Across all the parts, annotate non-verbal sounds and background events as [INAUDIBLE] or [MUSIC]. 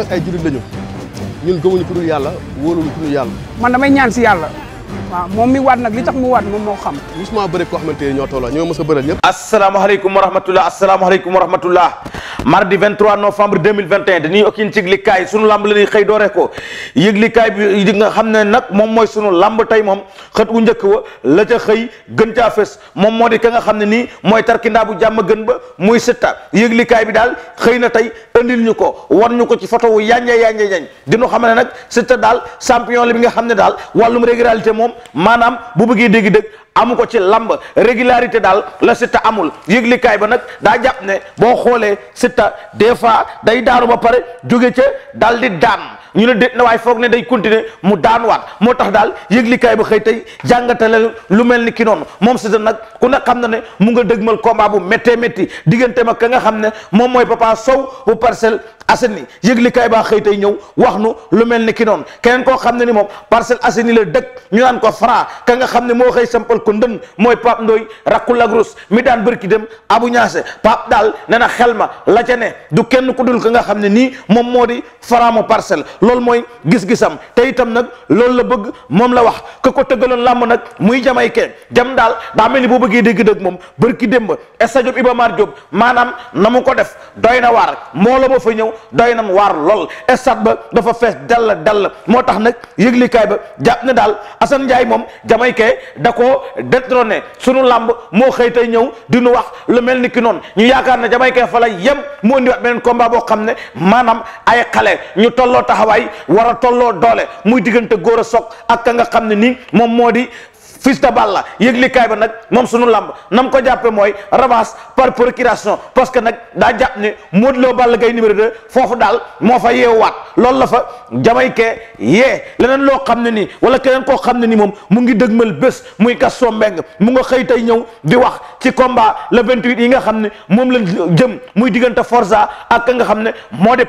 nag ay jullit lañu ñun gëmuñu ku yàlla wóoluñu ku dul yàlla. man damay ñaan si yàlla. waaw moom mi waat nag li tax mu waat moom moo xam musuma bëri ko xamante ne ñoo tolloo ñoo mës a bëral ñëpp asalaamaaleykum wa rahmatullah asalaamaaleykum wa rahmatullah mardi 23 novembre 2021 dañuy okkin ci yëglikaay sunu lamb la ñuy xam ne nag moom mooy sunu lamb tey moom xët wu njëkk la ca xëy gën caa fës moom moo di ka nga xam ne nii mooy tarkindaa bu jàmm gën ba muy sitta yëglikaay bi daal xëy na tey andil ñu ko war ñu ko ci photo wu yanja yanja yañ dinu xam ne nag sitta daal champion la bi nga xam ne daal wàllum régulalité moom maanaam bu bëggee dégg dëgg amu ko ci lamb régularité daal la Siteu amul yëglikaay ba nag daa jàpp ne boo xoolee Siteu des fois day daanu ba pare jóge ca daal di daan ñu ne déet na waaye foog ne day continuer mu daanuwaat moo tax daal yëglikaay ba xëy tey jàngatale lu mel ni ki noonu moom si nag ku ne xam na ne mu nga dëgmal combat bu méttee métti diggante ma ka nga xam ne moom mooy Papa Sow bu Parcelles Assainies yëglikaay baa xëy tey ñëw wax nu lu mel ni ki noonu keneen koo xam ne ni moom Parcelles Assainies la dëkk ñu naan ko Franc ka nga xam ne moo xëy sampal ko ndën mooy Pape Ndoy rakku Lagros mi daan bërki dem abu ñaase Pape daal ne na xel ma la ca ne du kenn ku dul ka nga xam ne nii moom moo di Franc mu loolu mooy gis-gisam tey itam nag loolu la bëgg moom la wax ka ko tëggaloon làmb nag muy jamaykee jam daal daa mel ni boo bëggee dégg-dëgg moom bërki démb stade Iba Mar Diop maanaam na mu ko def doy na waar la moo fa ñëw doy na waar lool stade ba dafa fees dell dell moo tax nag yëglikaay ba jàpp ne daal Assane Ndiaye moom jamay jamaykee da koo détrôné sunu làmb moo xëy tey ñëw di nu wax lu mel ni ki noonu ñu yaakaar ne jamaykee fa la yem mu indiwaat beneen combat boo xam ne maanaam ay xale ñu tolloo taxaw taxawaay war a tolloo doole muy diggante góor a ak ka nga xam ne nii moom moo di Fils de Balla yëglikaay ba nag moom sunu lamb nam ko jàppe mooy revanche par procuration parce que nag daa jàpp ne Modou Lo Balla Gaye numéro 2 foofu daal moo fa yeewaat loolu la fa jamaykee yee leneen loo xam ne nii wala keneen koo xam ne ni moom mu ngi dëgmal bés muy Gaston Mbengue mu nga xëy tey ñëw di wax ci combat le 28 yi nga xam ne moom lañ jëm muy diggante Forza ak nga xam ne moo di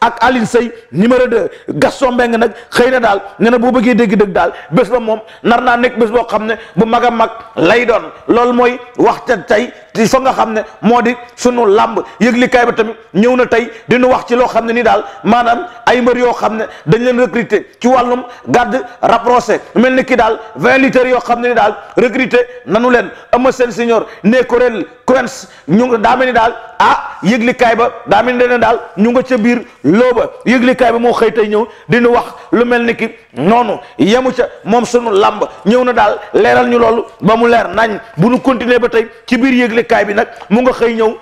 ak Alioune Seye numéro 2 Gaston Mbengue nag xëy na daal nee na boo bëggee dégg-dëgg daal bés ba moom nar naa nekk bés boo xam ne bu mag a mag lay doon loolu mooy waxtaan tey di fa nga xam ne moo di sunu làmb yëglikaay ba tamit ñëw na tey dina wax ci loo xam ne ni daal maanaam ay mbër yoo xam ne dañ leen recruter ci wàllum gàdd rapproché mel ni ki daal vingt lutteurs yoo xam ne ni daal recruter nanu leen ama seen senior ne kuréel Queens ñu daa mel ni daal ah yëglikaay ba daa mel ni daal ñu nga ca biir looba yëglikaay ba moo xëy tey ñëw di wax lu mel ni ki noonu yemu ca moom sunu làmb ñëw na daal leeral ñu loolu ba mu leer nañ bu nu continuer ba yéenekaay bi nag mu nga xëy ñëw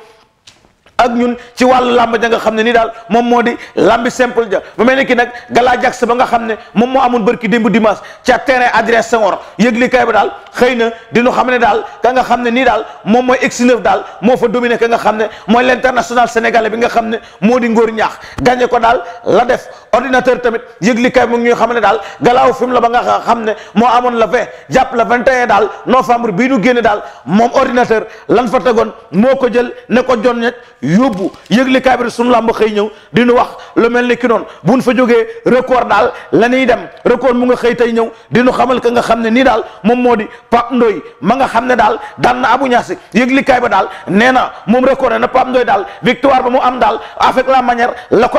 ak ñun ci wàllu làmb ja nga xam ne nii daal moom moo di làmbi simple ja mu mel ni ki nag gala jax ba nga xam ne moom moo amoon bërki démb dimanche ca terrain adresse Senghor yëgli bi daal xëy na di dinu xam ne daal ka nga xam ne nii daal moom mooy ex daal moo fa dominé ka nga xam ne mooy l'international sénégalais bi nga xam ne moo di ngóor ñaax gagné ko daal la def ordinateur tamit yëglikaay mu ngi ñuy xam ne daal galaaw fi mu la ba nga xam ne moo amoon la vingt jàpp la vingt et un daal novembre bii ñu génne daal moom ordinateur lan fa tegoon moo ko jël ne ko jon ne yóbbu yëglikaay bi suñu làmb xëy ñëw di wax lu mel ni ki bu nu fa jógee record daal la ñuy dem record mu nga xëy tey ñëw di xamal ka nga xam ne nii daal moom moo di Pape Ndoye ma nga xam ne daal daal na Abou Niass yëglikaay ba daal nee na moom record na Pape Ndoye daal victoire ba mu am daal avec la manière la ko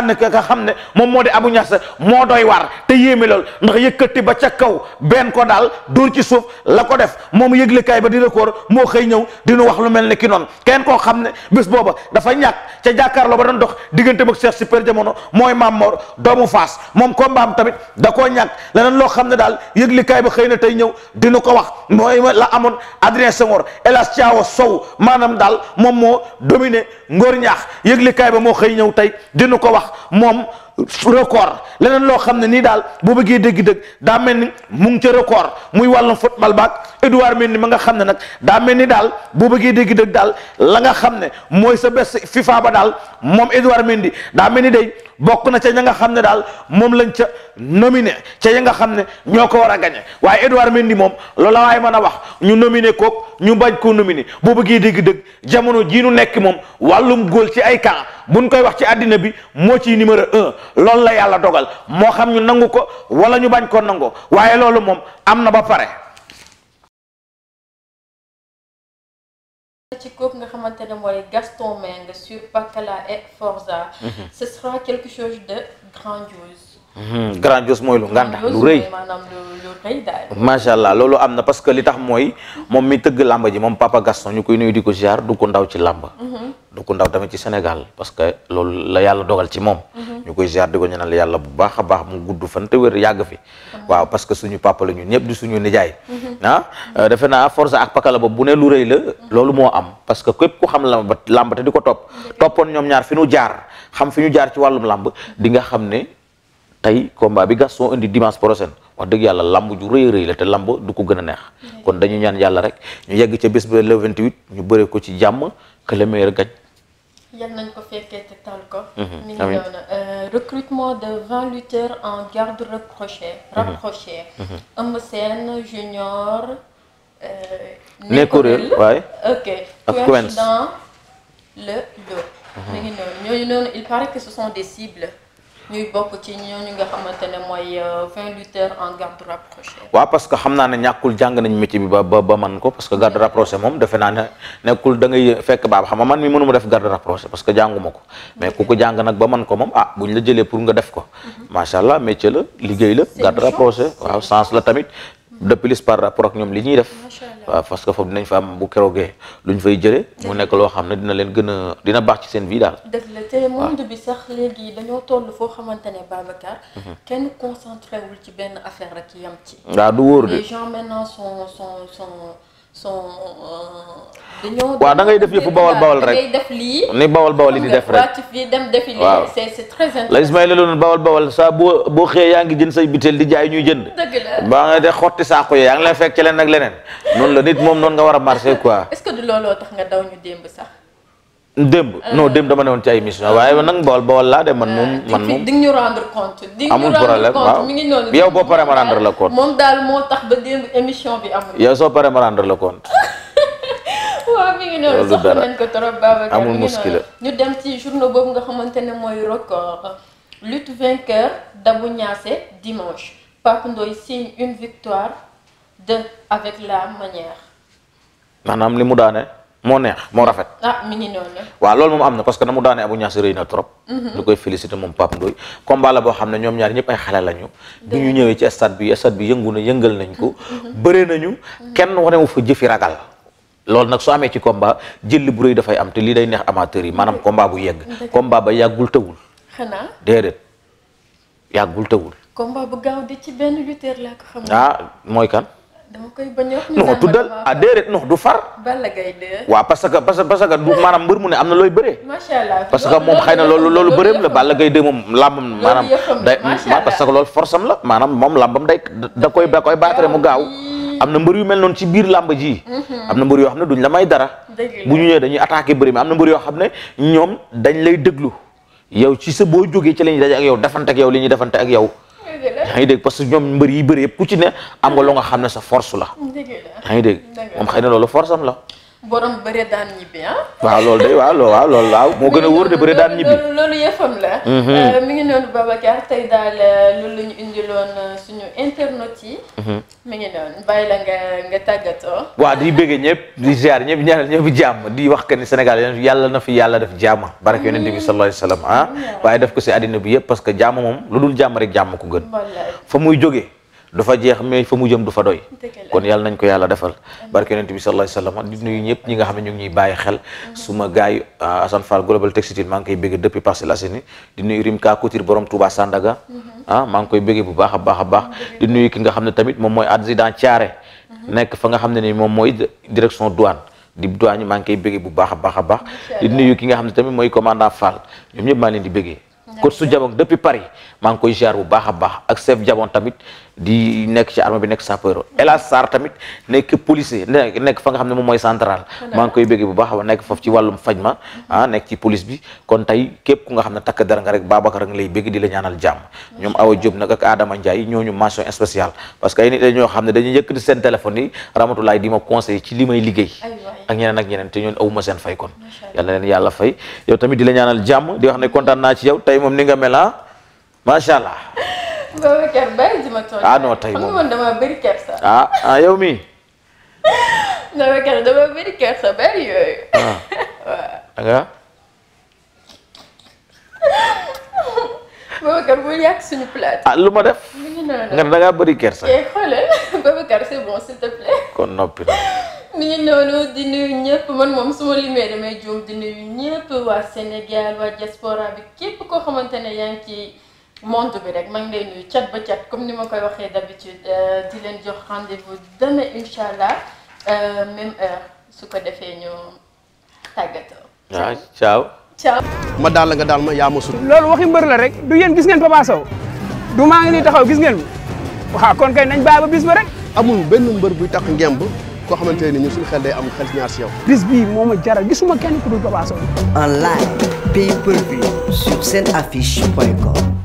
ndax xam ne moom moo di Abu Niass moo dooy waar te yéeme lool ndax yëkkati ba ca kaw benn ko daal dóor ci suuf la ko def moom yëglekaay ba di record moo xëy ñëw dinu wax lu mel ne ki noonu kenn koo xam ne bés booba dafa ñàkk ca jàkkaarloo ba doon dox diggante ak Cheikh Super Jamono mooy Maam doomu Faas moom kombaam tamit da koo ñàkk leneen loo xam ne daal yëglekaay ba xëy na tey ñëw dinu ko wax mooy la amoon Adrien Senghor El Hadj Thiaw Sow maanaam daal moom moo dominé ngóor ñaax yëglekaay ba moo xëy ñëw tey dinu ko wax moom moom record leneen loo xam ne nii daal boo bëggee dëgg-dëgg daa mel ni mu ngi ca record muy wàllum football baag Edouard Mendy ma nga xam ne nag daa mel ni daal boo bëggee dëgg-dëgg daal la nga xam ne mooy sa bés FIFA ba daal moom Edouard Mendy daa mel ni day bokk na ca ña nga xam ne daal moom lañ ca nominé ca ya nga xam ne ñoo ko war a gagné waaye Edouard Mendy moom loola waaye mën a wax ñu nominé koog ñu bañ koo nominé boo bëggee dëgg-dëgg jamono jii nu nekk moom wàllum góol ci ay camp buñ koy wax ci àddina bi moo ciy numéro un loolu la yàlla dogal moo xam ñu nangu ko wala ñu bañ ko nangoo waaye loolu moom am na ba pare. ci nga xamante ne mooy Gaston Mbengue mhm. mhm. mooy lu nganda lu rëy macha allah loolu am na parce que li tax mooy moom mi tëgg làmb ji moom papa Gaston ñu koy nuyu di ko ziar du ko ndaw ci làmb mhm. du ko ndaw tamit ci Sénégal parce que loolu la yàlla dogal ci moom. Mhm. ñu koy ziar di ko ñenal yàlla bu baax a baax mu gudd fan te wér yàgg fi. waaw parce que suñu papa la ñun ñëpp di suñu nijaay. Mhm. ah euh, defe naa force ak pakala ba bu ne lu rëy la. Mhm. loolu moo am parce que képp ku xam làmb te di ko topp. toppoon ñoom ñaar fi ñu jaar xam fi ñu jaar ci wàllum làmb di nga xam ne. tey combat bi Gaston indi dimanche prochain wax dëgg yàlla lamb ju rëy rëy la te lamb du ko gën a neex kon dañu ñaan yàlla rek ñu yegg ca bés ba le 28 ñu bëre ko ci jàmm que le meilleur gagne ko fekkee te tal ko mhm, mi ngi noonu il paraît que ce sont des cibles ñuy bokk ci ñooñu euh, parce que xam naa ne ñàkkul jàng nañ métier bi ba ba ba man ko parce que garde rapprochée moom defe naa ne nekkul da ngay fekk baab xam nga man mi mënu ma def garde rapprochée parce que jànguma ko mais ku ko jàng nag ba man ko moom ah buñ la jëlee pour nga def ko mhm. macha allah métier la liggéey la garde rapprochée waaw sens la tamit de plus par rapport ak ñoom li ñuy def waaw parce que foofu dinañ fa am bu keroogee lu ñu fay jëlee mu nekk loo xam ne dina leen gën a dina baax ci seen vie daal dëgg la te monde bi sax léegi dañoo toll foo xamante ne Babacar mhm. kenn concentré wul ci benn affaire rek yam ci waaw du woor de les gens maintenant son euh, dañoo. waaw da ngay def yëfu bawal bawal rek da ngay ni bawal bawal yi di def rek dem defi lii c'est c'est très intéressant. la Ismaïla doon bawal bawal saa boo boo xëyee yaa ngi jënd say biteel di jaay ñuy jënd. dëgg la ba xotti saako yi yaa ngi lay fekk ci leen ak leneen noonu la nit moom noonu nga war a marché quoi. est-ce que du looloo tax nga daw ñu démb démb euh, non démb dama ne waaye nag bool bool laa de man euh, moom man moom di ñu rendre compte di ñu amul problème waaw ngi noonu yow boo paree ma rendre la compte moom daal moo tax ba démb émission bi amul yow soo paree ma rendre la compte [LAUGHS] waaw mi ngi noonu soxla nañ ko trop Babacar amul muskila boobu nga xamante ne mooy record lutte vainqueur Dabou Niassé dimanche Pape Ndoye signe une victoire de avec la manière maanaam li mu daane moo neex moo rafet. ah mi ngi noonu. waaw loolu moom am na parce que na mu daane Abu Niass rëy na trop. ñu mhm. koy féliciter moom Pape Ndoye. la boo xam ne ñoom ñaar ñëpp ay xale lañu. bi ñu ñëwee ci stade bi stade bi yëngu na yëngal nañ ko. Mhm. bëree nañu. Mhm. kenn wane wu fa jëfi ragal. loolu nag su amee ci combat jël bu rëy dafay am te lii day neex amateur yi maanaam komba bu yegg. combat ba yàggul tëwul. xanaa déedéet yàggul tëwul. combat bu gaaw de ci benn lutteur laa ko xam. ah mooy kan. dama koy bañ wax non tuddal ah, du far. Balla Gaye parce que parce que parce que du mbër mu ne am na looy bëree. parce que moom xëy na loolu loolu bëreem la Balla Gaye de moom làmbam maanaam day parce que loolu force la maanaam moom làmbam day da koy da koy baatare mu gaaw. am na mbër yu mel noonu ci biir làmb ji. Mhm. am na mbër yoo xam ne duñ la may dara. bu ñu ñëwee dañuy attaqué bëri am na mbër yoo xam ne ñoom dañ lay déglu yow ci sa boo jógee ci la daje ak yow defante ak yow li ñuy defante ak yow yaa ngi dégg parce que ñoom mbër yi bëri yëpp ku ci ne am nga loo nga xam ne sa force la yaa ngi dégg moom xëy na loolu force am la borom bëre daan ñibbi ah? waaw loolu de waaw lool waaw loolu moo gën a wóor de bëre daan ñibbi loolu yëfam la. Mhm. Euh, mi ngi noonu Babacar tey daal euh, loolu la indiloon euh, suñu internautes yi. Mhm. mi ngi noonu bàyyi la nga nga tàggatoo. waaw di bëgg ñëpp di ziar ñëpp ñaanal ñëpp jàmm di wax que ni Sénégal yàlla na fi yàlla def jàmma barke yonent bi sallallahu alayhi wasallam ah. waaye def ko si àddina bi yëpp parce que jàmm moom lu dul jàmm rek jàmm ko gën. fa muy jógee. dafa fa jeex mais fa mu jëm du fa doy kon yàlla nañ ko yàlla defal barke yonent bi sallallahu alayhi di nuyu ñëpp ñi nga xam ne ñu ngi ñuy bàyyi xel suma gars yi ah, Assane Fall Global Textile maa ngi koy bégge depuis Parcelles Assainies di nuyu Rimka Couture borom Touba Sandaga mhm. ah maa koy bégge bu baax a baax a baax di nuyu ki nga xam ne tamit moom mooy adjudant Thiaré mhm. nekk fa nga xam ne ni moom mooy direction douane di douane maa ngi koy bégge bu baax a baax a baax di nuyu ki nga xam ne tamit mooy commandant Fall ñoom ñëpp maa leen di béggee coach su jabon depuis Paris maa ngi koy ziar bu baax a baax ak chef jabon tamit di nekk ci armée bi nekk sapeur Elas Sarr tamit nekk policier nekk fa nga xam ne moom mooy central maa koy bëgg bu baax wa nekk foofu ci wàllum faj ma mhm. ah nekk ci police bi kon tey képp ku nga xam ne takk dara rek Babacar nga lay bëgg di la ñaanal jàmm ñoom Awa Diop nag ak Adama Ndiaye ñooñu mention allah Babacar bàyyi ji ma tontu. ah non tey moom xam nga man dama bëri ah waaw nga. [LAUGHS] Babacar bu yàq suñu plat. ah lu ma def. nga ne da ngaa kersa. eh [LAUGHS] c'est bon s'il te plaît. [LAUGHS] kon noppi na. mi ngi noonu di nuyu ñëpp man moom su ma limee damay juum di nuyu waa Sénégal waa diaspora bi képp koo xamante ne monde bi rek man ngi lay nuyu cat ba cat comme ni ma koy waxee di d'habitude euh, di leen jox rendez-vous demain incha allah euh, même su ko defee ñu tàggatoo. ma daal la nga daal ma yaa ma sut. loolu waxi mbër la rek du yéen gis ngeen Papa Sow du maa ngi nii taxaw gis ngeen waaw kon kay nañ bàyyi ba bis ba rek. amul benn mbër buy tax ngemb koo xamante ne ñun suñu xel day am xel ñaar si yow. bis bi moo ma jaral gisuma kenn ku dul Papa pay per view sur seen affiche point